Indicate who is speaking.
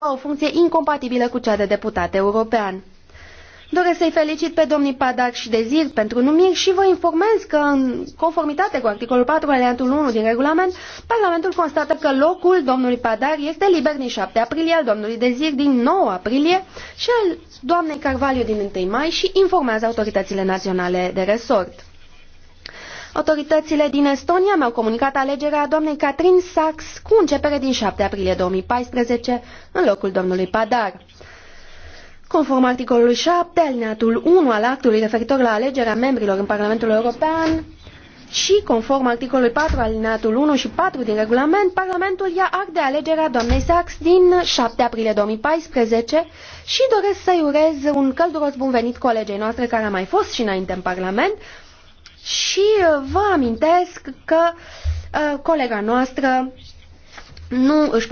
Speaker 1: o funcție incompatibilă cu cea de deputat european. Doresc să-i felicit pe domnii Padac și Dezir pentru numiri și vă informez că, în conformitate cu articolul 4 aliantul 1 din regulament, Parlamentul constată că locul domnului Padar este liber din 7 aprilie, al domnului Dezir din 9 aprilie și al doamnei Carvalho din 1 mai și informează autoritățile naționale de resort. Autoritățile din Estonia mi-au comunicat alegerea doamnei Catrin Sachs cu începere din 7 aprilie 2014 în locul domnului Padar. Conform articolului 7, alineatul 1 al actului referitor la alegerea membrilor în Parlamentul European și conform articolului 4 alineatul 1 și 4 din regulament, Parlamentul ia act de alegerea doamnei Sachs din 7 aprilie 2014 și doresc să-i urez un călduros bun venit colegei noastre care a mai fost și înainte în Parlament, și uh, vă amintesc că uh, colega noastră nu își poate